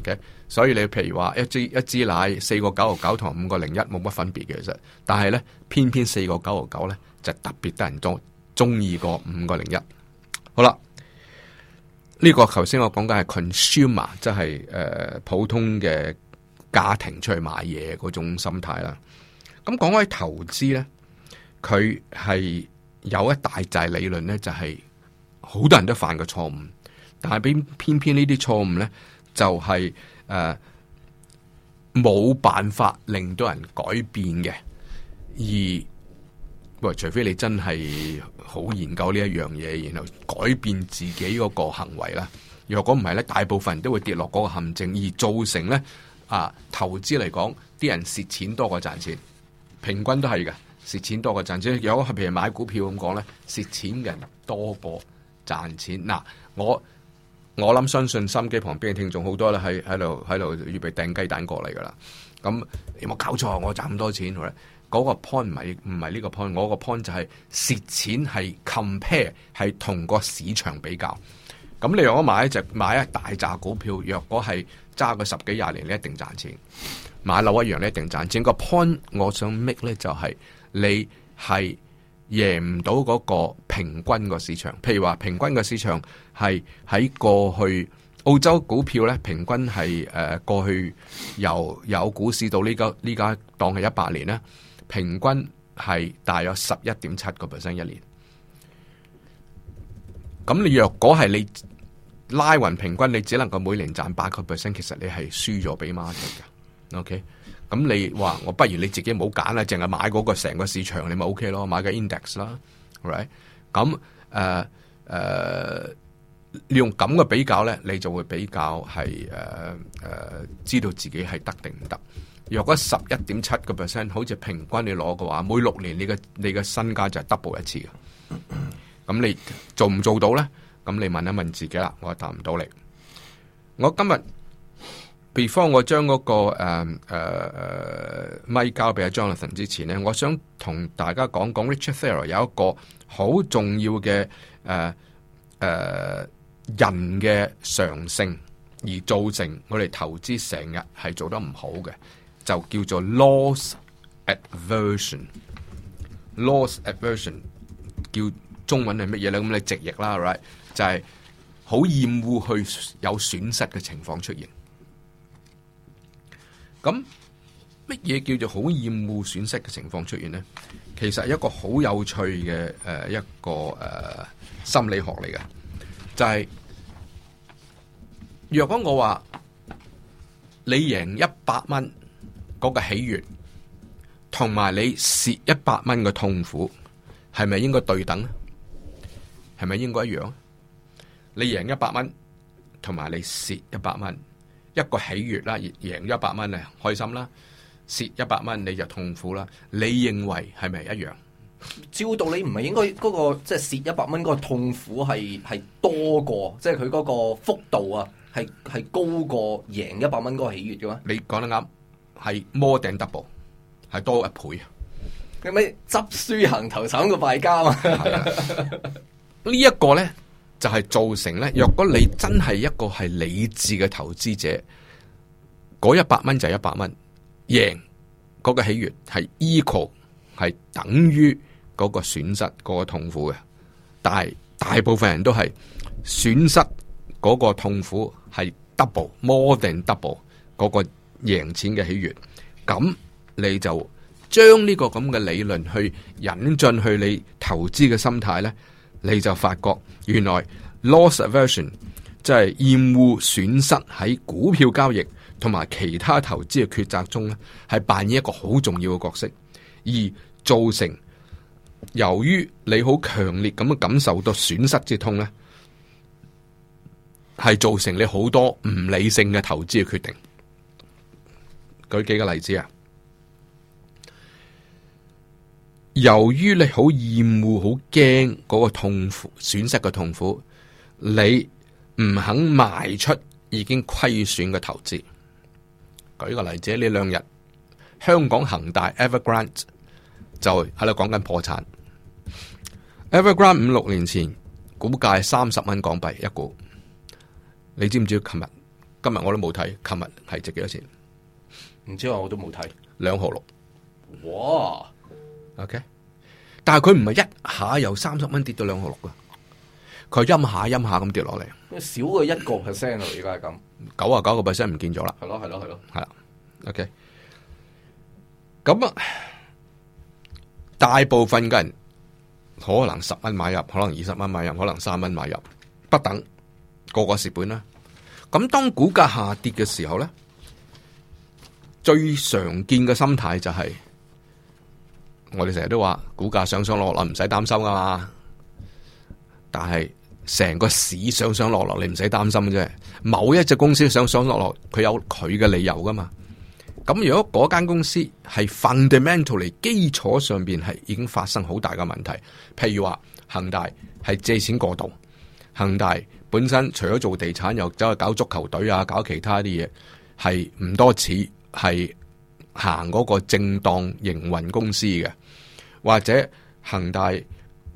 Speaker 2: 呃所以你譬如話，一支一支奶四個九毫九同五個零一冇乜分別嘅其實但呢，但係咧偏偏四個九毫九咧就特別得人中中意過五個零一。好啦，呢、這個頭先我講緊係 consumer，即、就、係、是、誒、呃、普通嘅家庭出去買嘢嗰種心態啦。咁講開投資咧，佢係有一大劑理論咧，就係、是、好多人都犯過錯誤，但係偏偏偏呢啲錯誤咧就係、是。誒，冇、啊、辦法令到人改變嘅，而喂，除非你真係好研究呢一樣嘢，然後改變自己嗰個行為啦。若果唔係咧，大部分人都會跌落嗰個陷阱，而造成咧啊，投資嚟講，啲人蝕錢多過賺錢，平均都係噶，蝕錢多過賺錢。有譬如買股票咁講咧，蝕錢嘅人多過賺錢。嗱、啊，我。我諗相信心機旁邊嘅聽眾好多咧，喺喺度喺度預備掟雞蛋過嚟噶啦。咁有冇搞錯？我賺咁多錢咧？嗰、那個 point 唔係唔係呢個 point，我個 point 就係、是、蝕錢係 compare 係同個市場比較。咁你如果買一隻買一大紮股票，若果係揸佢十幾廿年，你一定賺錢。買樓一樣你一定賺錢。個 point 我想 make 咧就係、是、你係。贏唔到嗰個平均個市場，譬如話平均個市場係喺過去澳洲股票咧，平均係誒、呃、過去由有股市到、這個、呢家呢家當係一百年咧，平均係大約十一點七個 percent 一年。咁你若果係你拉勻平均，你只能夠每年賺八個 percent，其實你係輸咗俾 market 嘅，OK。咁你話我不如你自己冇揀啦，淨係買嗰個成個市場，你咪 OK 咯，買個 index 啦，right？咁誒誒，呃呃、你用咁嘅比較咧，你就會比較係誒誒，知道自己係得定唔得？若果十一點七個 percent，好似平均你攞嘅話，每六年你嘅你嘅身家就係 double 一次嘅。咁你做唔做到咧？咁你問一問自己啦，我答唔到你。我今日。比方，Before, 我將，嗰個誒誒誒誒咪交俾阿 Jonathan 之前咧，我想同大家講講 Richard Thaler 有一個好重要嘅誒誒人嘅常性，而造成我哋投資成日係做得唔好嘅，就叫做 loss aversion。loss aversion 叫中文係乜嘢咧？咁你直譯啦，right 就係好厭惡去有損失嘅情況出現。咁乜嘢叫做好厭惡損失嘅情況出現呢？其實一個好有趣嘅誒、呃、一個誒、呃、心理學嚟嘅，就係、是、若果我話你贏一百蚊嗰個喜悅，同埋你蝕一百蚊嘅痛苦，係咪應該對等咧？係咪應該一樣啊？你贏一百蚊，同埋你蝕一百蚊。一個喜悅啦，贏一百蚊啊，開心啦；蝕一百蚊你就痛苦啦。你認為係咪一樣？
Speaker 1: 照道理唔係應該嗰個即係蝕一百蚊嗰個痛苦係係多過，即係佢嗰個幅度啊，係係高過贏一
Speaker 2: 百蚊嗰個喜悅嘅咩？你講得啱，係 more than double，係多一倍啊！有咩
Speaker 1: 執輸行頭慘過敗家啊？ [LAUGHS] 這個，
Speaker 2: 呢一個咧？就係造成呢。若果你真係一個係理智嘅投資者，嗰一百蚊就一百蚊，贏嗰個喜悦係 equal 係等於嗰個損失嗰、嗰個痛苦嘅，但係大部分人都係損失嗰個痛苦係 double more than double 嗰個贏錢嘅喜悅，咁你就將呢個咁嘅理論去引進去你投資嘅心態呢。你就發覺原來 loss aversion 即係厭惡損失喺股票交易同埋其他投資嘅抉擇中咧，係扮演一個好重要嘅角色，而造成由於你好強烈咁樣感受到損失之痛咧，係造成你好多唔理性嘅投資嘅決定。舉幾個例子啊！由於你好厭惡、好驚嗰個痛苦、損失嘅痛苦，你唔肯賣出已經虧損嘅投資。舉個例子，呢兩日香港恒大 Evergrande 就喺度講緊破產。Evergrande 五六年前股價三十蚊港幣一股，你知唔知？琴日今日我都冇睇，琴日係值幾多錢？
Speaker 1: 唔知啊，我都冇睇。兩毫六。哇。OK。
Speaker 2: 但係佢唔係一下由三十蚊跌到兩毫六噶佢係陰下陰下咁跌落嚟，
Speaker 1: 少佢一個 percent 咯，而家係咁，
Speaker 2: 九啊九個 percent 唔見咗啦，係咯係咯係咯，係啦，ok，咁啊，大部分嘅人可能十蚊買入，可能二十蚊買入，可能三蚊買入，不等，個個蝕本啦。咁當股價下跌嘅時候咧，最常見嘅心態就係、是。我哋成日都話股價上上落落唔使擔心噶嘛，但係成個市上上落落你唔使擔心啫。某一隻公司上上落落，佢有佢嘅理由噶嘛。咁如果嗰間公司係 fundamentally，基礎上邊係已經發生好大嘅問題，譬如話恒大係借錢過度，恒大本身除咗做地產，又走去搞足球隊啊，搞其他啲嘢，係唔多似。係。行嗰個正當營運公司嘅，或者恒大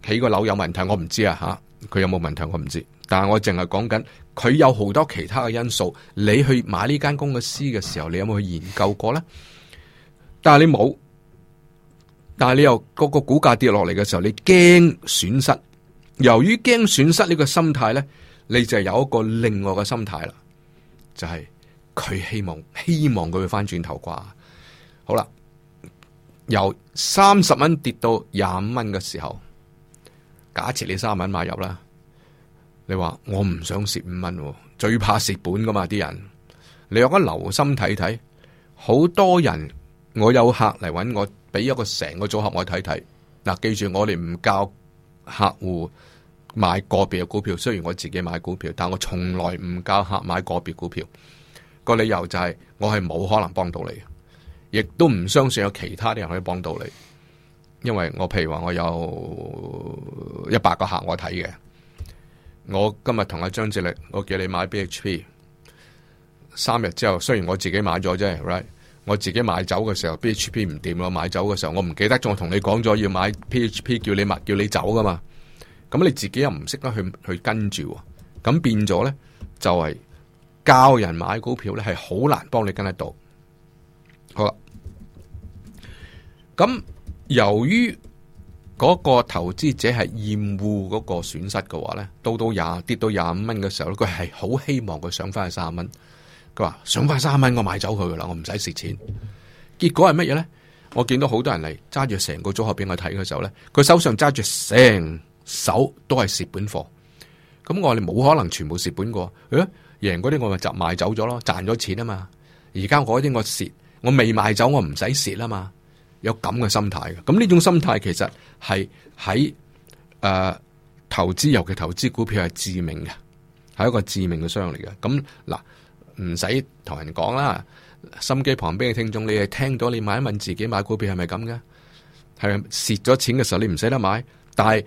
Speaker 2: 起個樓有問題我，我唔知啊吓，佢有冇問題我唔知，但係我淨係講緊佢有好多其他嘅因素，你去買呢間公司嘅時候，你有冇去研究過咧？但係你冇，但係你又個個股價跌落嚟嘅時候，你驚損失。由於驚損失呢個心態咧，你就有一個另外嘅心態啦，就係、是、佢希望希望佢會翻轉頭啩。好啦，由三十蚊跌到廿五蚊嘅時候，假設你三十蚊買入啦，你話我唔想蝕五蚊，最怕蝕本噶嘛啲人。你有個留心睇睇，好多人我有客嚟搵我，俾一個成個組合我睇睇。嗱、啊，記住我哋唔教客戶買個別嘅股票，雖然我自己買股票，但我從來唔教客買個別股票。個理由就係我係冇可能幫到你。亦都唔相信有其他啲人可以幫到你，因為我譬如話我有一百個客我睇嘅，我今日同阿張志力，我叫你買 BHP，三日之後雖然我自己買咗啫，right，我自己買走嘅時候 BHP 唔掂咯，買走嘅時候我唔記得，仲同你講咗要買 PHP 叫你買，叫你走噶嘛，咁你自己又唔識得去去跟住，咁變咗咧就係教人買股票咧係好難幫你跟得到。好啦，咁由於嗰個投資者係厭惡嗰個損失嘅話咧，到到廿跌到廿五蚊嘅時候咧，佢係好希望佢上翻去卅蚊。佢話上翻卅蚊，我買走佢噶啦，我唔使蝕錢。結果係乜嘢咧？我見到好多人嚟揸住成個組合俾我睇嘅時候咧，佢手上揸住成手都係蝕本貨。咁我哋冇可能全部蝕本過，誒贏嗰啲我咪就買走咗咯，賺咗錢啊嘛。而家我嗰啲我蝕。我未賣走，我唔使蝕啊嘛。有咁嘅心態嘅，咁、嗯、呢種心態其實係喺誒投資，尤其投資股票係致命嘅，係一個致命嘅傷嚟嘅。咁、嗯、嗱，唔使同人講啦。心機旁邊嘅聽眾，你係聽到你問一問自己，買股票係咪咁嘅？係蝕咗錢嘅時候，你唔捨得買。但係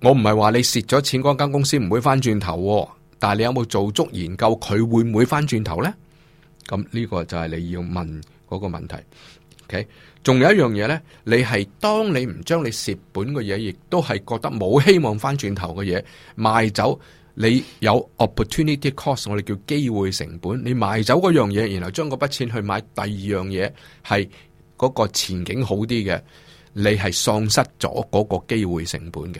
Speaker 2: 我唔係話你蝕咗錢嗰間公司唔會翻轉頭，啊，但係你有冇做足研究，佢會唔會翻轉頭咧？咁、嗯、呢、呢個就係你要問。嗰個問題，OK？仲有一樣嘢呢，你係當你唔將你蝕本嘅嘢，亦都係覺得冇希望翻轉頭嘅嘢賣走，你有 opportunity cost，我哋叫機會成本。你賣走嗰樣嘢，然後將嗰筆錢去買第二樣嘢，係嗰個前景好啲嘅，你係喪失咗嗰個機會成本嘅。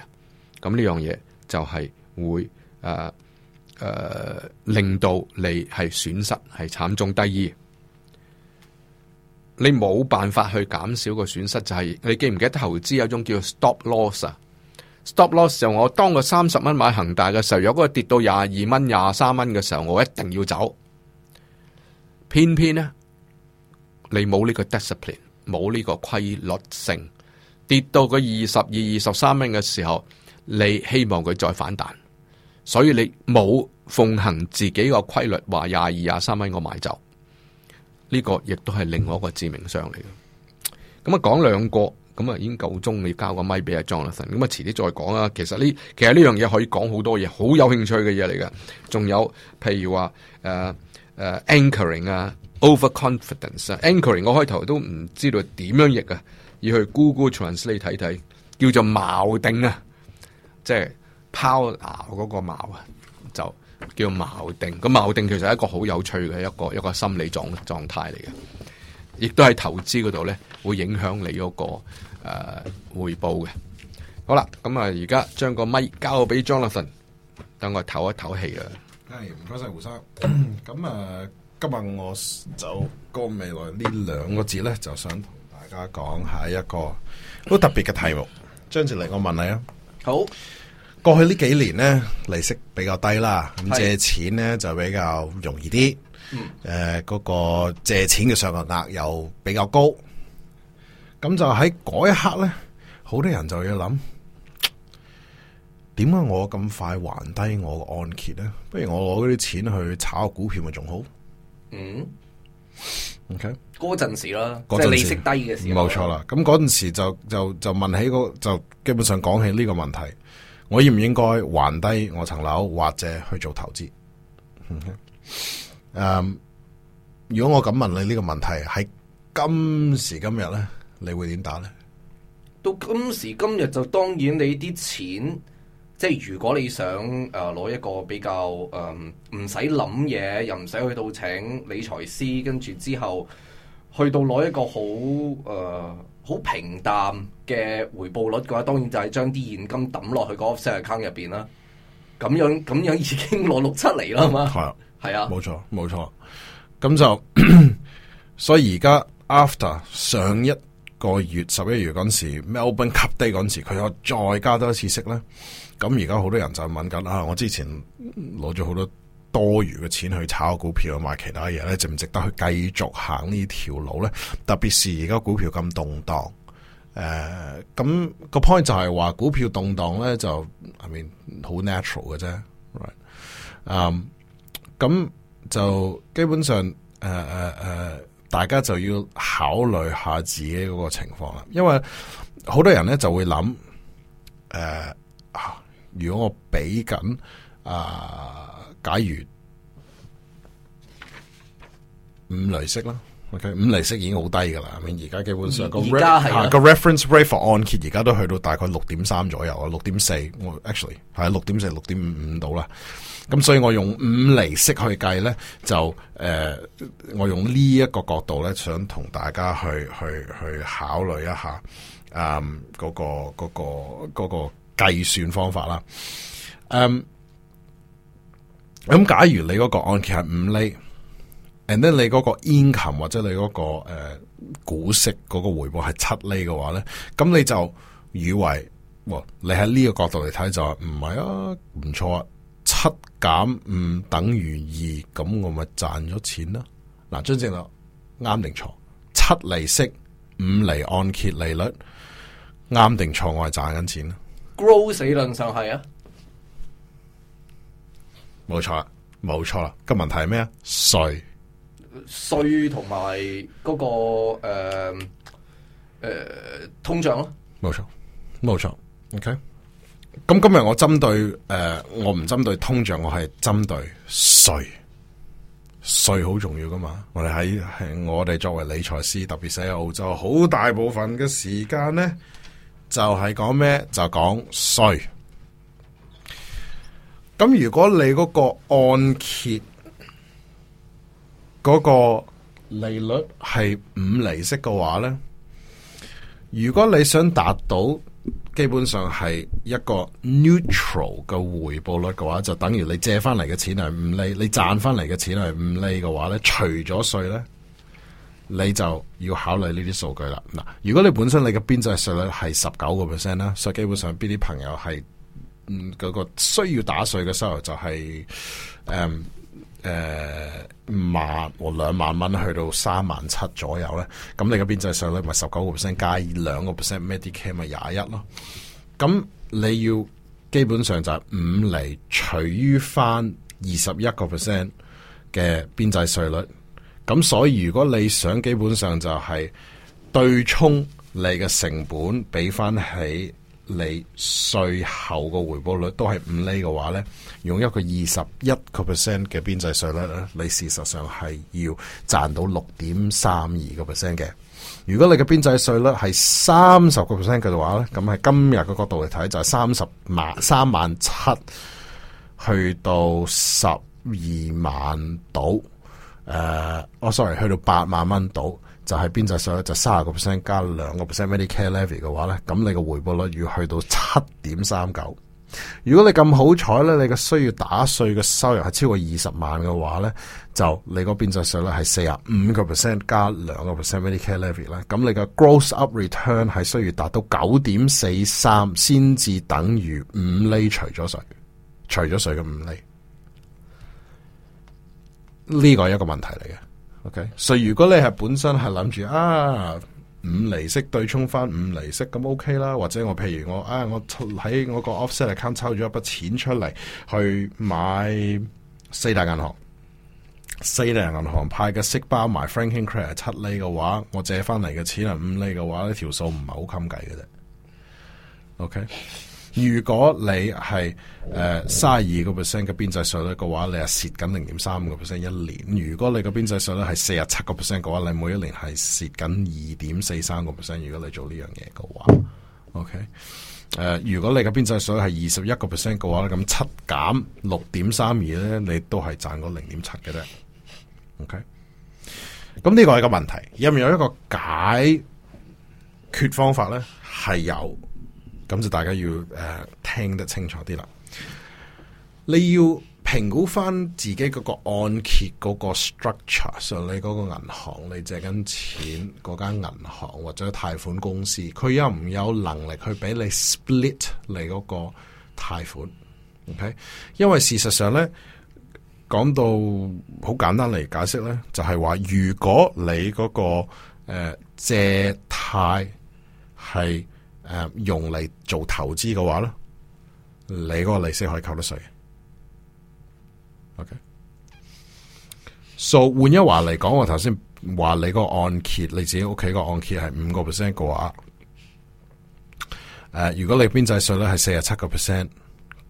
Speaker 2: 咁呢樣嘢就係會誒誒、啊啊、令到你係損失係慘重。低。第二。你冇辦法去減少個損失，就係你記唔記得投資有種叫 stop loss 啊？stop loss 就係我當個三十蚊買恒大嘅時候，如果個跌到廿二蚊、廿三蚊嘅時候，我一定要走。偏偏呢，你冇呢個 discipline，冇呢個規律性，跌到個二十二、二十三蚊嘅時候，你希望佢再反彈，所以你冇奉行自己個規律，話廿二、廿三蚊我買走。呢個亦都係另外一個致命傷嚟嘅，咁啊講兩個，咁啊已經夠鐘，你交個咪俾阿 Jonathan，咁啊遲啲再講啦。其實呢，其實呢樣嘢可以講好多嘢，好有興趣嘅嘢嚟嘅。仲有譬如話誒誒 anchoring 啊，overconfidence 啊，anchoring，啊 Over 啊、anch 我開頭都唔知道點樣譯啊，要去 Google Translate 睇睇，叫做錨定啊，即係拋錨嗰個錨啊，就。叫錨定，咁錨定其實係一個好有趣嘅一個一個，一個心理狀狀態嚟嘅，亦都係投資嗰度咧會影響你嗰、那個誒回、呃、報嘅。好啦，咁、嗯、啊，而家將個咪交俾 Jonathan
Speaker 3: 等我唞一唞氣啊。係唔該晒胡生，咁 [COUGHS] 啊，今日我就個未來兩個節呢兩個字咧，就想同大家講下一個好特別嘅題目。張哲力，我 [COUGHS] 問你啊，好。過去呢幾年呢，利息比較低啦，咁借錢呢就比較容易啲。誒是、嗯呃，嗰、那個借錢嘅上限額，又比較高。咁就喺嗰一刻呢，好多人就要諗，點解我咁快還低我個按揭呢？不如我攞嗰啲錢去炒股票咪仲好？嗯，OK，
Speaker 1: 嗰陣時啦，即係利息低嘅時候。冇錯啦，
Speaker 3: 咁嗰陣時就就就問起嗰就基本上講起呢個問題。我應唔應該還低我層樓，或者去做投資？Um, 如果我咁問你呢個問題，喺今時今日呢，你會點打呢？
Speaker 1: 到今時今日就當然你啲錢，即係如果你想誒攞、呃、一個比較唔使諗嘢，又唔使去到請理財師，跟住之後去到攞一個好誒。呃好平淡嘅回報率嘅話，當然就係將啲現金抌落去嗰個 s h a u n 坑入面啦。咁樣咁樣已經攞六七嚟啦，係嘛？
Speaker 3: 係啊的，冇錯冇錯。咁就 [COUGHS] 所以而家 after 上一個月十一月嗰時，melbourne c u p Day 嗰時，佢又再加多一次息咧。咁而家好多人就問緊啊，我之前攞咗好多。多餘嘅錢去炒股票啊，買其他嘢咧，值唔值得去繼續行呢條路咧？特別是而家股票咁動盪，誒、呃，咁、咁個 point 就係話股票動盪咧，就係咪好 natural 嘅啫 right？嗯，咁就基本上，誒誒誒，大家就要考慮下自己嗰個情況啦。因為好多人咧就會諗，誒、呃呃，如果我畀緊啊。呃假如五厘息啦，OK，五厘息已經好低噶啦，咁而家基本上個 reference rate for 按揭而家都去到大概六點三左右啊，六點四，我 actually 係六點四六點五五度啦。咁所以我用五厘息去計咧，就誒，uh, 我用呢一個角度咧，想同大家去去去考慮一下，嗯、um, 嗰個，嗰、嗰個嗰、嗰個計算方法啦，嗯、um。咁假如你嗰個按揭係五厘，and then 你嗰個 income 或者你嗰個誒股息嗰個回報係七厘嘅話咧，咁你就以為，你喺呢個角度嚟睇就話唔係啊，唔錯啊，七減五等於二，咁我咪賺咗錢啦、啊。嗱，張正佬啱定錯？七厘息五厘按揭利率啱定錯？我係賺緊錢啦、
Speaker 1: 啊。grow 死論就係啊！
Speaker 3: 冇錯啦，冇錯啦。個問題係咩啊？稅
Speaker 1: 稅同埋嗰個誒誒通脹咯。
Speaker 3: 冇錯，冇錯。OK。咁今日我針對誒，我唔針對通脹，我係針對稅。稅好重要噶嘛。我哋喺我哋作為理財師，特別喺澳洲，好大部分嘅時間咧，就係講咩？就講稅。咁如果你嗰個按揭嗰個利率係五厘息嘅話咧，如果你想達到基本上係一個 neutral 嘅回報率嘅話，就等於你借翻嚟嘅錢係五厘，你賺翻嚟嘅錢係五厘嘅話咧，除咗稅咧，你就要考慮呢啲數據啦。嗱，如果你本身你嘅邊際稅率係十九個 percent 啦，所以基本上邊啲朋友係？嗯，嗰、那個需要打稅嘅收入就係、是，誒誒五萬和兩萬蚊去到三萬七左右咧。咁你嘅邊際稅率咪十九個 percent 加兩個 percent Medicare 咪廿一咯。咁你要基本上就係五釐除於翻二十一個 percent 嘅邊際稅率。咁所以如果你想基本上就係對沖你嘅成本，俾翻起。你稅後個回報率都係五厘嘅話咧，用一個二十一個 percent 嘅邊際稅率咧，你事實上係要賺到六點三二個 percent 嘅。如果你嘅邊際稅率係三十個 percent 嘅話咧，咁喺今日嘅角度嚟睇，就係三十萬三萬七去到十二萬度，誒，我 sorry，去到八萬蚊度。就係邊際稅咧，就三十個 percent 加兩個 percent Medicare levy 嘅話咧，咁你個回報率要去到七點三九。如果你咁好彩咧，你嘅需要打稅嘅收入係超過二十萬嘅話咧，就你個邊際稅率係四啊五個 percent 加兩個 percent Medicare levy 咧，咁你嘅 gross up return 係需要達到九點四三先至等於五厘除咗稅，除咗稅嘅五厘。呢個係一個問題嚟嘅。OK，所以、so, 如果你係本身係諗住啊五厘息對沖翻五厘息咁 OK 啦，或者我譬如我啊我喺我個 offset account 抽咗一筆錢出嚟去買四大銀行，四大銀行派嘅息包埋 Franking Credit 七厘嘅話，我借翻嚟嘅錢係五厘嘅話，呢條數唔係好襟計嘅啫。OK。如果你係誒三十二個 percent 嘅邊際稅率嘅話，你係蝕緊零點三個 percent 一年；如果你個邊際稅率係四十七個 percent 嘅話，你每一年係蝕緊二點四三個 percent。如果你做呢樣嘢嘅話，OK？誒、呃，如果你個邊際稅係二十一個 percent 嘅話咧，咁七減六點三二咧，你都係賺咗零點七嘅啫。OK？咁呢個係個問題，有唔有一個解決方法咧？係有。咁就大家要誒、uh, 聽得清楚啲啦。你要評估翻自己嗰個按揭嗰個 structure 上，你嗰個銀行你借緊錢嗰間銀行或者貸款公司，佢有唔有能力去俾你 split 你嗰個貸款？OK，因為事實上呢，講到好簡單嚟解釋呢，就係、是、話如果你嗰、個誒、呃、借貸係。誒，uh, 用嚟做投資嘅話咧，你嗰個利息可以扣得稅。OK，so、okay. 換一話嚟講，我頭先話你個按揭，你自己屋企個按揭係五個 percent 嘅話，誒、uh，如果你邊際稅咧係四十七個 percent，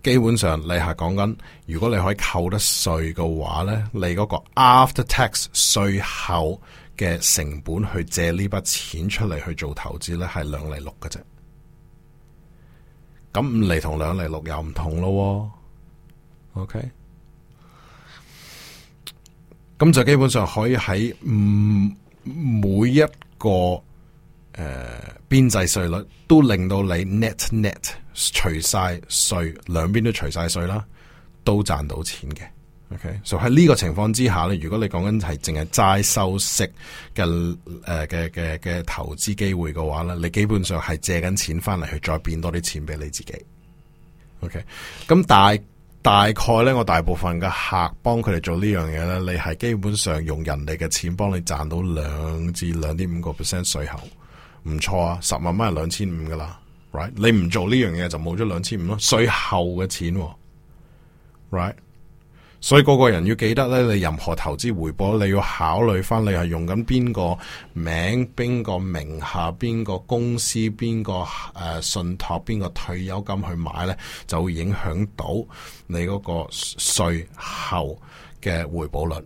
Speaker 3: 基本上你係講緊，如果你可以扣得稅嘅話咧，你嗰個 after tax 稅後嘅成本去借呢筆錢出嚟去做投資咧，係兩厘六嘅啫。咁五厘同兩厘六又唔同咯，OK，咁就基本上可以喺每每一個誒邊際稅率都令到你 net net 除晒稅，兩邊都除晒稅啦，都賺到錢嘅。OK，so 喺呢個情況之下咧，如果你講緊係淨係齋收息嘅誒嘅嘅嘅投資機會嘅話咧，你基本上係借緊錢翻嚟去再變多啲錢俾你自己。OK，咁大大概咧，我大部分嘅客幫佢哋做呢樣嘢咧，你係基本上用人哋嘅錢幫你賺到兩至兩點五個 percent 稅後，唔錯啊，十萬蚊係兩千五噶啦，Right？你唔做呢樣嘢就冇咗兩千五咯，稅後嘅錢喎，Right？所以個個人要記得咧，你任何投資回報，你要考慮返，你係用緊邊個名、邊個名下、邊個公司、邊個信託、邊個退休金去買咧，就會影響到你嗰個稅後嘅回報率。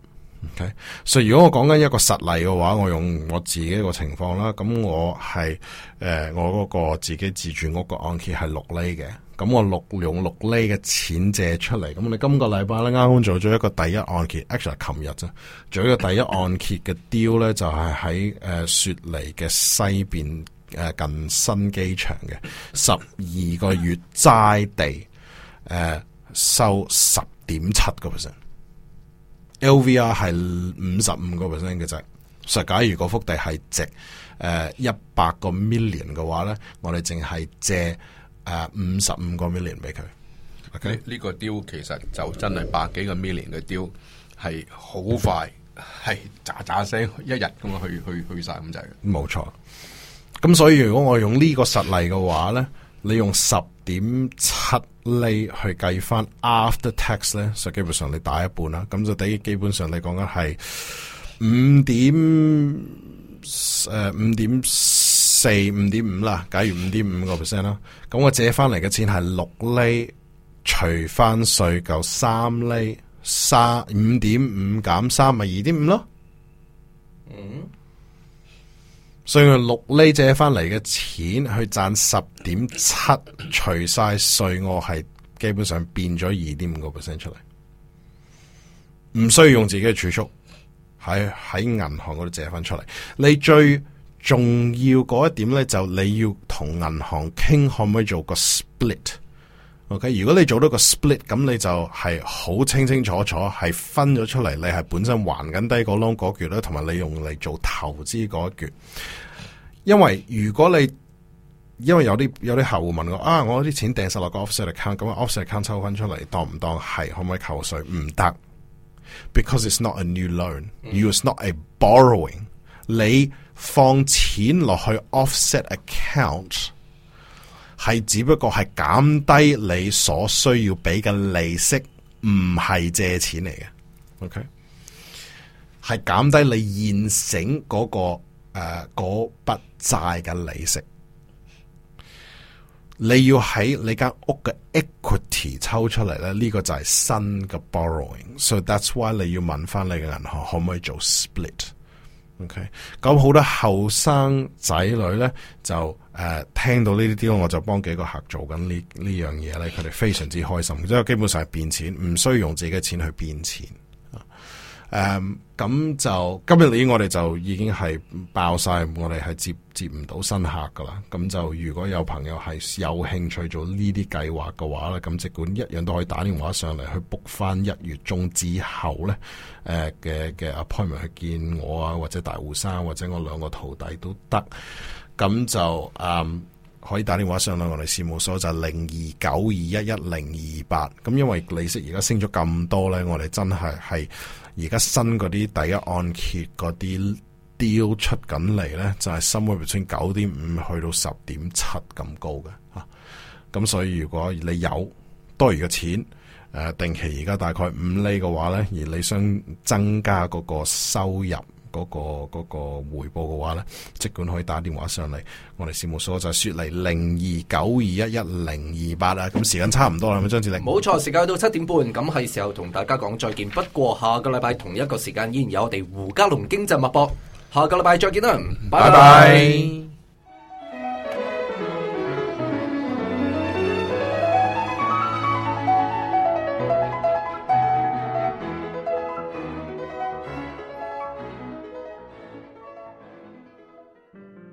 Speaker 3: OK，所以如果我講緊一個實例嘅話，我用我自己一個情況啦，咁我係誒、呃、我嗰個自己自住屋個按揭係六厘嘅。咁我六用六厘嘅錢借出嚟，咁我哋今個禮拜咧，啱啱做咗一個第一按揭，actually 琴日啫，做一個第一按揭嘅 deal 咧，就係、是、喺、呃、雪梨嘅西邊、呃、近新機場嘅十二個月齋地、呃、收十點七個 percent，LVR 係五十五個 percent 嘅啫。實假如個幅地係值一百、呃、個 million 嘅話咧，我哋淨係借。誒，五十五個 million 俾佢
Speaker 2: ，OK 呢個 deal 其實就真係百幾個 million 嘅 deal，係好快，係喳喳聲一日咁樣去 [LAUGHS] 去去晒咁就
Speaker 3: 冇錯，咁所以如果我用呢個實例嘅話咧，你用十點七厘去計翻 after tax 咧，就基本上你打一半啦，咁就底基本上你講緊係五點誒五點。呃四五點五啦，假如五點五個 percent 啦，咁我借翻嚟嘅錢係六厘除翻稅夠三厘三五點五減三咪二點五咯。3, 5. 5 3, 嗯，所以佢六厘借翻嚟嘅錢去賺十點七除晒稅，我係基本上變咗二點五個 percent 出嚟，唔需要用自己嘅儲蓄喺喺銀行嗰度借翻出嚟，你最重要嗰一點咧，就你要同銀行傾可唔可以做個 split，OK？Okay? 如果你做到個 split，咁你就係好清清楚楚，係分咗出嚟，你係本身還緊低個 loan 嗰橛咧，同埋你用嚟做投資嗰橛。因為如果你因為有啲有啲客戶問我啊，我啲錢訂十個個 offset account，咁 offset account 抽分出嚟，當唔當係可唔可以扣稅？唔得，because it's not a new loan，you S,、mm. S, s not a borrowing。你放錢落去 offset account 係只不過係減低你所需要俾嘅利息，唔係借錢嚟嘅。OK，係減低你現成嗰、嗰個誒嗰、uh, 筆債嘅利息。你要喺你間屋嘅 equity 抽出嚟咧，呢、呢個就係新嘅 borrowing。So that's why 你要問翻你嘅銀行可唔可以做 split。OK，咁好多後生仔女咧，就誒、呃、聽到呢啲啲，我就幫幾個客做緊呢呢樣嘢咧，佢哋非常之開心，即係基本上係變錢，唔需要用自己嘅錢去變錢。誒咁、um, 就今日嚟，我哋就已經係爆晒，我哋係接接唔到新客噶啦。咁就如果有朋友係有興趣做呢啲計劃嘅話咧，咁儘管一樣都可以打電話上嚟去 book 翻一月中之後咧，誒、呃、嘅嘅 appointment 去見我啊，或者大胡生或者我兩個徒弟都得。咁就誒、um, 可以打電話上嚟我哋事務所就零二九二一一零二八。咁因為利息而家升咗咁多咧，我哋真係係。而家新嗰啲第一按揭嗰啲雕出緊嚟咧，就係稍微譬如九點五去到十點七咁高嘅吓，咁所以如果你有多餘嘅錢，誒、呃、定期而家大概五厘嘅話咧，而你想增加嗰個收入。嗰、那個那個回報嘅話咧，即管可以打電話上嚟，我哋事務所就係雪梨零二九二一一零二八啊，咁時間差唔多啦，係咪張志玲？冇錯，時
Speaker 1: 間去到七點半，咁係時候同大家講再見。不過下個禮拜同一個時間依然有我哋胡嘉龍經濟脈搏，下個禮拜再見啦，拜拜 bye。Bye bye